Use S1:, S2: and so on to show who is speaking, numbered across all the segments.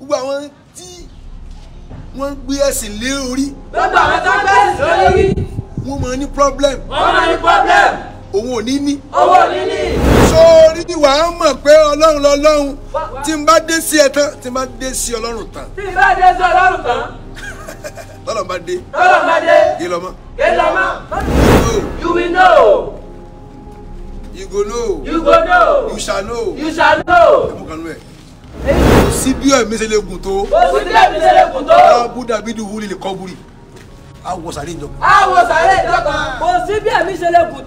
S1: gbogbo àwọn tí wọ́n gbé ẹ̀sìn lé orí. gbogbo àwọn tó ń gbé ẹ̀sìn lórí. wọ́n máa ní problem. wọ́n máa ní problem. òun ò ní ní. owó ò ní ní. sórí ni wàá mọ̀ pé ọlọ́run lọ́lọ́run tí n bá dé sí ẹ tán tí n bá dé sí ọlọ́run tán. tí n bá dé sí ọlọ́run tán. tọ́lọ̀ bá dé. tọ́lọ̀ bá dé. kí lọ́mọ. kí lọ́mọ. you will know. You go know. You go know. You shall know. You shall know kò sí bí ẹ̀mí ṣe tó. kò sí bí ẹ̀mí lè kọ́ buri awọ sàré ìjọ kan.
S2: awọ sàré ìjọ kan. kò sí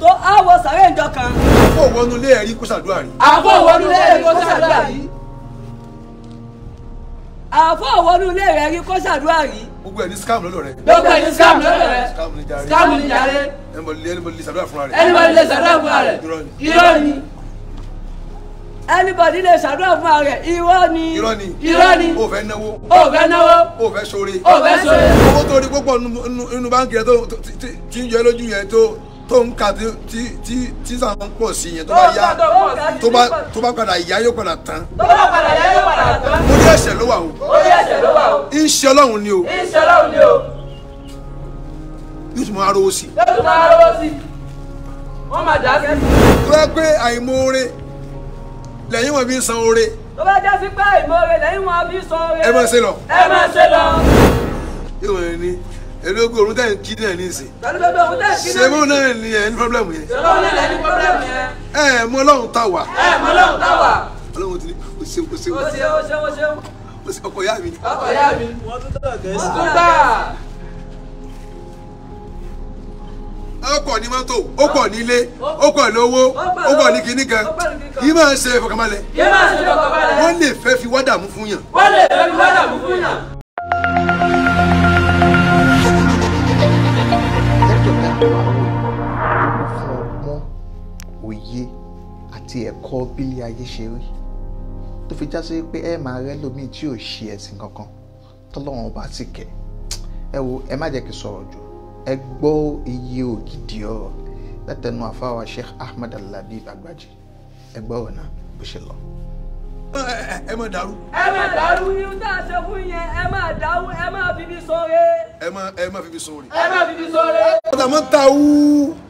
S2: tó awọ sàré ìjọ kan. àfọ
S1: wọnú lé ẹ̀rí kó ṣàdúrà rí. àfọ wọnú lé ẹ̀rí kó ṣàdúrà rí.
S2: àfọ wọnú lé ẹ̀rí kó ṣàdúrà rí.
S1: gbogbo ẹ̀ scam lọ́dọ̀ rẹ. gbogbo ẹ̀ scam lọ́dọ̀ rẹ. scam
S2: ni jàre. scam ni jàre.
S1: ẹnìmọ̀lẹ́
S2: anybody lè ṣàdúrà fún ààrẹ irọ́ ni irọ́ ni irọ́ ni o fẹ́ náwó o fẹ́ náwó
S1: o fẹ́ ṣoore o fẹ́ ṣoore. owó tó rí púpọ̀ nínú báńkì yẹn tó ti ń yọ lójú yẹn tó tó ń ka tí tí tí sàn ń pọ̀ sí yẹn tó bá yá tó bá tó bá padà yá yóò padà tán. tó bá padà yá yóò padà tán. orí ẹ̀ṣẹ̀ ló wà o. orí ẹ̀ṣẹ̀ ló wà o. ń ṣe ọlọ́run ni o. ń ṣe ọlọ́run ni o. yóò tún máa rówó sí. yóò tún máa rówó sí. wọ́n máa dá sí. tó yẹ pé
S2: àìmoore lẹ́yìn wọn fi san oore. tó bá jẹ́ sí pé ìmoore lẹ́yìn wọn fi san oore. ẹ máa ṣe lọ. ẹ máa ṣe lọ.
S1: yóò wọ̀nyí ni eléogun òun tẹ̀ ń kí náà nísìn.
S2: pẹ̀lú bẹ́ẹ̀ bẹ́ẹ̀ òun tẹ̀ ń kí náà nísìn. ṣé bóun
S1: náà ni ẹ ní pọ́blẹ́mù yẹn.
S2: ṣé náà ni pọ́blẹ́mù yẹn.
S1: ẹ mọ Ọlọ́run tá wà. ẹ mọ Ọlọ́run tá wà. Ọlọ́run ti ní o ṣeun o ṣeun. o ṣeun o
S2: ṣeun o ṣeun.
S1: ọkọ ìyá mi. ọkọ ìyá mi. wọ́n tún tà kẹ́sì. wọ́n tún tà. ó kọ̀ ní mọ́tò ó kọ̀ nílé ó kọ̀ lówó ó kọ̀ ní kinní kan yìí máa ń ṣe ìfọkànbalẹ̀ wọ́n lè fẹ́ fi wádà mú fún yàn. wọ́n lè fẹ́ fi wádà mú fún yàn. òye àti ẹ̀kọ́ bílé ayé ṣe rí tó fi já sí pé ẹ máa rẹ́ lómi tí ò ṣe ẹ̀sìn kankan tọ́lọ́wọ́n bá ti kẹ̀ ẹ wo ẹ má jẹ́ kí sọ̀rọ̀ jù ẹ gbọ́ iye ògidì ọ̀rọ̀ látẹnu àfáwà Sheikh Ahmed Al-Labib Agbaji ẹ gbọ́ ọ̀rọ̀ náà bó ṣe lọ.
S2: ẹ má dàrú. ẹ má dàrú irú tá a ṣe fún yẹn ẹ má dàrú ẹ má bíbí sóore. ẹ má ẹ má bíbí sóore. ẹ má bíbí sóore.
S1: ọ̀tà máa ń ta wú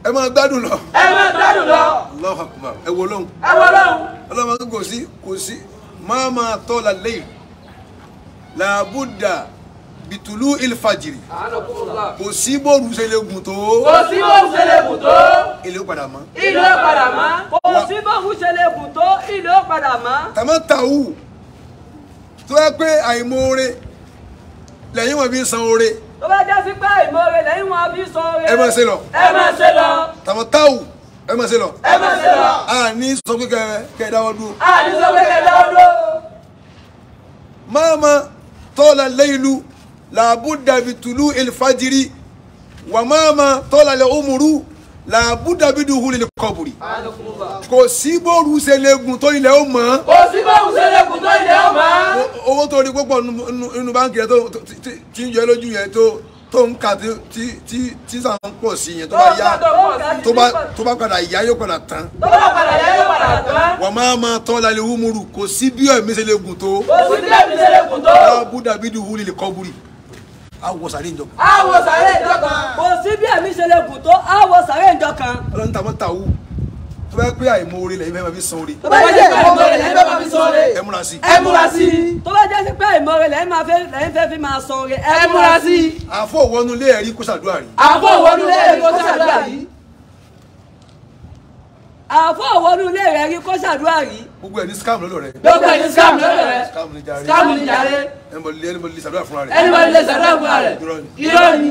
S1: ẹ máa gbádùn lọ. ẹ máa gbádùn lọ. Allahu Akbar ẹ wọ lọ́hùn. ẹ wọ lọ́hùn. ọlọ́mọ kò sí kò sí máa máa tọ́ la lẹ́yìn làbúdà bitulu ilfajiri. kò sí bóòlù sẹlẹ̀gùn tó. kò sí bóòlù sẹlẹ̀gùn tó. ilé ó padà mọ́. ilé ó padà mọ́. kò
S2: sí bóòlù sẹlẹ̀gùn tó ilé ó padà mọ́. tàmá tàwù tó yẹ pé
S1: àìmoore lẹ́yìn wọn fi san oore.
S2: tó bá jẹ́ sí pé àìmoore lẹ́yìn wọn fi san oore. ẹ máa ṣe lọ. ẹ máa ṣe lọ.
S1: tàmá tàwù ẹ máa ṣe lọ. ẹ máa ṣe lọ. a ní sọ pé kẹ máa ma tọ́lá lẹ́yìn lu làbúdà bi tùlù ìlfàjìrì wàmàmà tọ́lálẹ̀ òmùrú làbúdà bi dùn hùlẹ̀ kọ̀bùrì. kò sí bóòrù sẹlẹ̀gùn tó ilẹ̀ ó mọ̀. kò sí bóòrù sẹlẹ̀gùn tó ilẹ̀ ó mọ̀. owó tó rí púpọ̀ nínú báńkì yẹn tí ń yọ lójú yẹn tó tó ń ka tí tí tí sàn ń pọ̀ sí yẹn tó bá yá tó bá tó bá padà yá yóò padà tán. tó bá
S2: padà yá yóò padà tán. wọ́n máa
S1: ma tọ́ lálẹ́ wúmúrú kò sí bí ẹ̀ mísẹ́lẹ̀ gùn tó. kò sí bí ẹ̀ mísẹ́lẹ̀ gùn tó. abudabidu wuli lè kọ́ àwọ̀ sàré
S2: ìjọ kan. àwọ̀ sàré ìjọ kan kò sí bí ẹ̀mí ṣe lè gùn tó àwọ̀ sàré ìjọ kan. ọlọ́run tàwọn tà wú tó bá pé àìmọ oore lẹ́yìn bẹ́ẹ̀ máa fi san oore. tó bá jẹ́ pé àìmọ oore lẹ́yìn bẹ́ẹ̀ máa fi san oore. ẹ múra sí. ẹ múra sí. tó bá jẹ́ pé àìmọ oore lẹ́yìn máa fẹ́ lẹ́yìn fẹ́ fi máa san oore. ẹ múra sí.
S1: àfọwọ́nulẹ̀ ẹ̀rí kó ṣàdúrà rí. àfọwọ́nulẹ̀ ẹ̀rí kó ṣàdúrà rí
S2: àfọ òwònú ilé rẹ rí kó ṣàdúrà rí.
S1: gbogbo ẹ ní scam lọ́dọ̀ rẹ. gbogbo ẹ ní scam lọ́dọ̀ rẹ. scam ni jàre. scam ni jàre. ẹnibọ̀lì ẹnibọ̀lì lè ṣàdúrà fúnra rẹ. ẹnibọ̀lì lè ṣàdúrà fúnra rẹ.
S2: irọ́ ni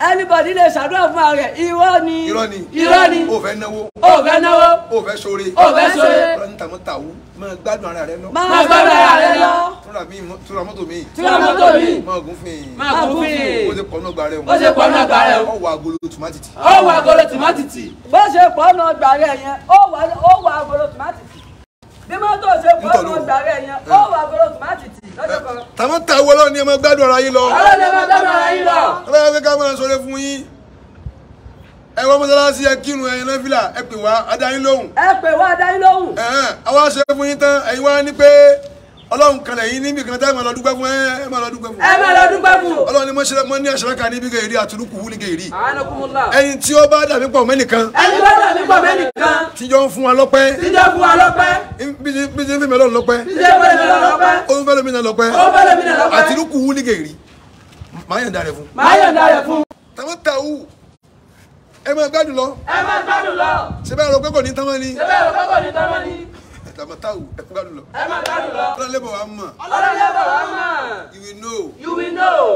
S2: anybody lè ṣàdúrà fún ààrẹ irọ́ ni irọ́ ni irọ́ ni o
S1: fẹ́ náwó o fẹ́ náwó o fẹ́ sore o fẹ́ sore ọ̀rọ̀ níta mọ́ta wú máa gbádùn ara rẹ lọ máa gbádùn ara rẹ lọ tura mọ́tò mi tura mọ́tò mi máa gún fún yìí máa gún fún yìí o ṣe pọnú ọgbà rẹ o ṣe pọnú ọgbà rẹ o wà agolo tòmátìtì o wà agolo tòmátìtì
S2: bó ṣe pọnú ọgbà rẹ yẹn o wà agolo tòmátìtì bí mọ́tò ṣe pọnú ọgbà rẹ yẹn o wà agolo tòmátìtì
S1: tàmọ́ ta wọlé ni ẹ máa gbádùn ara yín lọ. ọlọ́run ẹ máa gbádùn ara yín lọ. ọlọ́run fẹ́ ká máa sọ̀rọ̀ fún yín. ẹ wá mọ́sálásí ẹ kírun ẹyin náà fìlà ẹ pè wá adáyín lóhùn. ẹ pè wá adáyín lóhùn. àwa ṣe fún yín tán ẹ̀yin wá ní pé ọlọ́run kan lẹ́yìn níbi kan tẹ́ ẹ máa lọ dúpẹ́ fún ẹ máa lọ dúpẹ́ fún. ẹ máa lọ dúpẹ́ fún. ọlọ́run ni mo ní àṣẹ kan níbi gèrè àtúrúkú wúlí gèrè. ẹni tí ó bá dàbí pọ̀ mẹ́nìkan. ẹni bá dàbí pọ̀ mẹ́nìkan. tíjọ ń fún wa lọ́pẹ́. tíjọ ń fún wa lọ́pẹ́. bí ṣe ń fi mẹ́lọ́ọ̀ lọ́pẹ́. bí ń fi mẹ́lọ́ọ̀ lọ́pẹ́. ó ń fẹ́ lómi náà lọ́pẹ́. ó ń fẹ́ Damatawu ẹ máa gbádùn lọ. ẹ máa gbádùn lọ. ọlọ́run lẹ́bọ̀ wá mọ̀. ọlọ́run lẹ́bọ̀ wá mọ̀. you will know. you will know.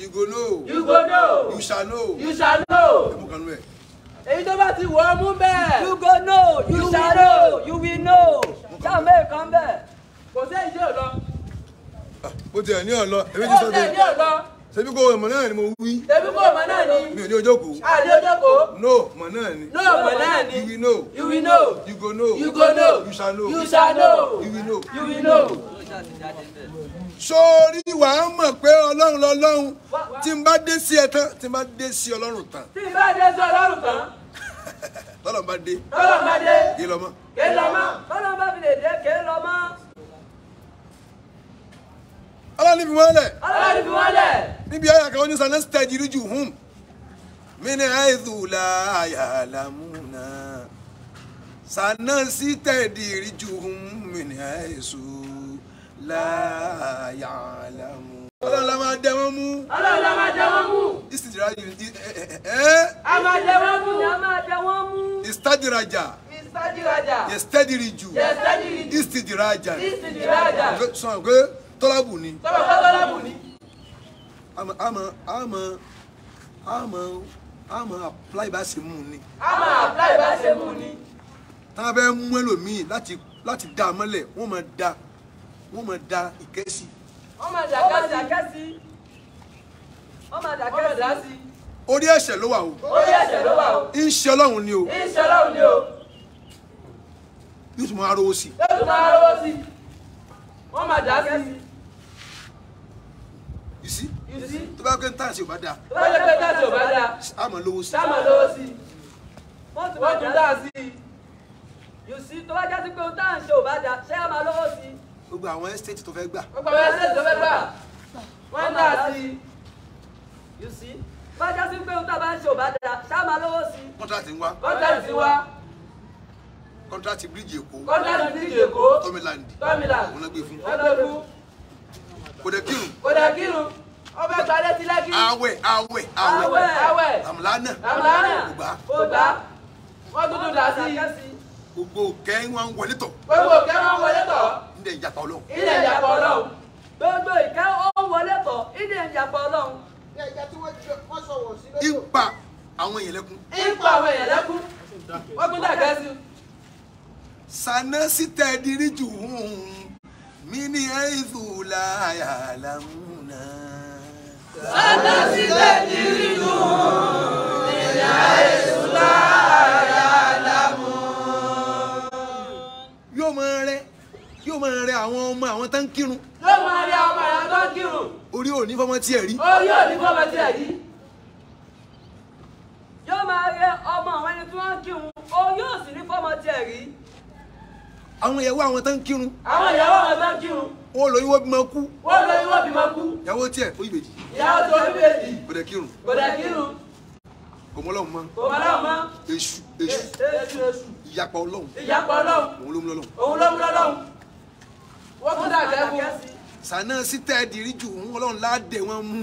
S1: you go know. you go know. you shall know. you shall know. ẹ mú
S2: kanú èyí tó bá ti wọ mú bẹ́ẹ̀. you go know. you, you shall know. know. you will know. sáà mẹ́ẹ̀ kan bẹ́ẹ̀. kò sí èyí tí ò lọ.
S1: Ah, bó ti ẹ̀ ní ọ̀ lọ. ti ẹ̀ ní ọ̀ ṣebí kò mọ̀ náà ni mo wí. ṣebí kò mọ̀ náà ni. mi ò ní ojókòó. a ní ojókòó. no mọ̀ náà ni. no mọ̀ náà ni. you will know. you will know. you go know. you go know. you shall know. you shall know. you will know. you will know. sórí wà á mọ̀ pé ọlọ́run n bá dé sí ẹ tán tí n bá dé sí ọlọ́run tán.
S2: tí n bá dé sí ọlọ́run tán.
S1: tọ́lọ̀ bá dé. tọ́lọ̀ kí lọ́mọ.
S2: kí lọ́mọ. tọ́lọ̀ bá fi lè dé kí Allah ni fi wọ́n lẹ̀. Allah ni fi wọ́n lẹ̀.
S1: níbi àyà kan ó ní sanna sitẹ́jìrì jù hùm mí ni àìsù la àyà làmúnà sanna sitẹ́jìrì jù hùm mí la àyà làmúnà. Allah la dẹ wọn mú. Allah la máa dẹ wọn mú. Istidiraja ẹ. A máa dẹ wọn mú. A
S2: máa dẹ wọn mú.
S1: Istadiraja.
S2: Istadiraja.
S1: Yestediriju. Yestediriju. Istidiraja. Istidiraja. Sọ̀rọ̀ pé tọ́lábù ni. tọ́lábù ni. àmọ́ àmọ́ àmọ́ àmọ́ apply bá ṣe mú ni. àmọ́ apply bá ṣe mú un ni. tá a bẹ́ mú ẹlòmíì láti láti dá a mọ́lẹ̀ wọ́n máa da wọ́n máa da ìkẹ́sì.
S2: wọ́n máa da kẹ́sì. wọ́n máa da kẹ́sì.
S1: orí ẹ̀ṣẹ̀ ló wà o. orí ẹ̀ṣẹ̀ ló wà o. ń ṣe ọlọ́run ni o. ń ṣe ọlọ́run ni o yóò tún máa rówó sí.
S2: yóò tún máa rówó sí.
S1: wọ́n máa dá sí fi sí. tó bá gbé táàsì ò bá dáa. tó bá gbé táàsì ò bá a sáàmà lówó sí. sáàmà lówó sí.
S2: wọ́n tún dáa sí i. yóò sí tó bá já sí pé o táà ń ò bá dáa ṣé a máa lówó sí.
S1: gbogbo àwọn ẹ́stéètì tó fẹ́ gbà. gbogbo àwọn ẹ́stéètì tó fẹ́ gbà. wọ́n dáa sí
S2: i. yóò sí tó bá já sí pé o táà bá ò bá dáa ṣé a máa lówó sí. kọ́ńtàtì ń wá. kọ́ńtàtì ń wá
S1: kọ́ńtàtì bíríjì èkó. kọ́ńtàtì bíríjì èkó. tọ́mìlàndì. tọ́mìlàndì. òun náà gbé fún ọbẹ̀ gbalẹ̀ ti lẹ́kì. àwẹ̀ àwẹ̀ àwẹ̀ àwẹ̀ àmàlànà àmàlànà ògbà ògbà wọ́n dúdú dà sí i. gbogbo kẹ́ wọn wọlé tọ̀. gbogbo kẹ́ wọn wọlé tọ̀. ilẹ̀ ìjàpá ọlọ́run. ilẹ̀ ìjàpá ọlọ́run.
S2: gbogbo ìkẹ́ ó wọlé tọ̀ ilẹ̀ ìjàpá ọlọ́run. ipa
S1: àwọn èèyàn lẹ́kún. ipa àwọn èèyàn lẹ́kún. wọ́n tún sí i. sanasi tẹ diriju hun mi ni ezu la
S2: yàrá mu yóò
S1: máa rẹ yóò máa rẹ àwọn ọmọ àwọn tó ń kírun. yóò máa rẹ àwọn ọmọ àwọn tó ń kírun. orí ò ní fọmọ tiẹ̀ rí. orí ò ní fọmọ tiẹ̀ rí.
S2: yóò máa rẹ ọmọ àwọn ẹni tí wọ́n ń kírun orí ò sì ní fọmọ tiẹ̀ rí.
S1: àwọn ìyàwó àwọn tó kírun. àwọn ìyàwó àwọn tó kírun ó lóyún wọ́n bí máa kú. ó lóyún wọ́n bí máa kú. ìyàwó tiẹ̀ ó ìbejì. ìyàwó tó ìbejì. gbọdẹ kírun. gbọdẹ kírun. kòmọlọ́hún mọ́. kòmọlọ́hún mọ́. èṣù èṣù. èṣù èṣù. ìyapa ọlọ́hún. ìyapa ọlọ́hún. òun ló mú lọ́lọ́hún. òun ló mú lọ́lọ́hún. wọ́n tún dà gẹ́gùn. sànà síta ìdírí jù wọn ọlọ́run ládẹ wọn mú.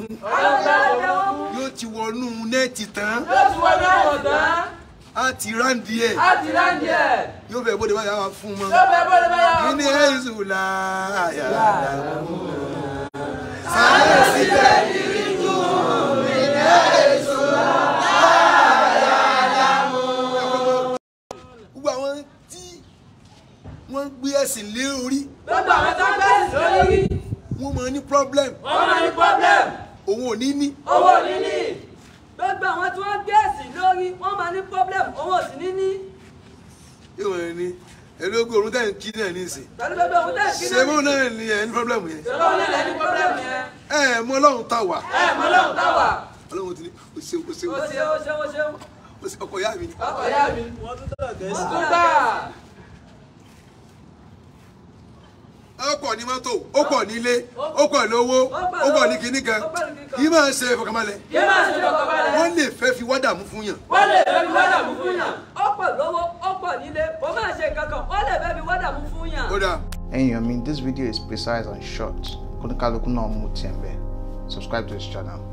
S1: yóò ti wọnú nẹ́ẹ̀tì tán. yóò ti wọnú a ti ráǹdì ẹ̀. a ti ráǹdì ẹ̀. yóò bẹ̀ bóde báyà wá fún mọ́. yóò bẹ̀ bóde báyà wá fún mọ́. kíni ẹ̀sùn láàyà láàmú. sáré síbẹ̀ kiri tún kíni ẹ̀sùn láàyà láàmú. gbogbo àwọn tí wọ́n gbé ẹ̀sìn lé orí.
S2: gbogbo àwọn tó ń gbé ẹ̀sìn lórí.
S1: wọ́n máa ní problem. wọ́n máa ní problem. owó ò ní ní. owó ò ní ní.
S2: gbogbo àwọn tí wọ́n gbé ẹ̀sìn lórí wọ́n máa ní problem owó sì ní ní.
S1: yóò rẹ ni ẹni ogún orun tẹ́yìn kí náà ní ìsìn.
S2: pẹ̀lú gbogbo orun tẹ́yìn kí náà ní ìsìn. ṣé bóun
S1: náà ni ẹni problem yẹn. ṣé bóun
S2: náà ni ẹni problem yẹn.
S1: ẹ ẹ mọ Ọlọ́run tá wà. ẹ mọ Ọlọ́run tá wà. Ọlọ́run ti ní o ṣeun o ṣeun. o ṣeun o ṣeun o ṣeun. ọkọ ya mi. ọkọ ya mi. wọ́n tún tà gẹ̀ẹ́sì. wọ́n tún tà. ó pọ̀ ní mọ́tò ó nílé ó lówó ó ní kinní kan yìí máa ṣe ìfọkànbalẹ̀ wọ́n lè fẹ́ fi wádà mú fún yàn. wọ́n lè fẹ́ fi wádà mú fún yàn
S2: ó lówó ó nílé ó máa ṣe kankan wọ́n lè fẹ́ fi wádà mú fún yàn. ó dáa.
S1: ẹ̀yin omi this video is precise and short kóníkálukú náà mú tiẹ̀ bẹ́ẹ̀ subscribe to this channel.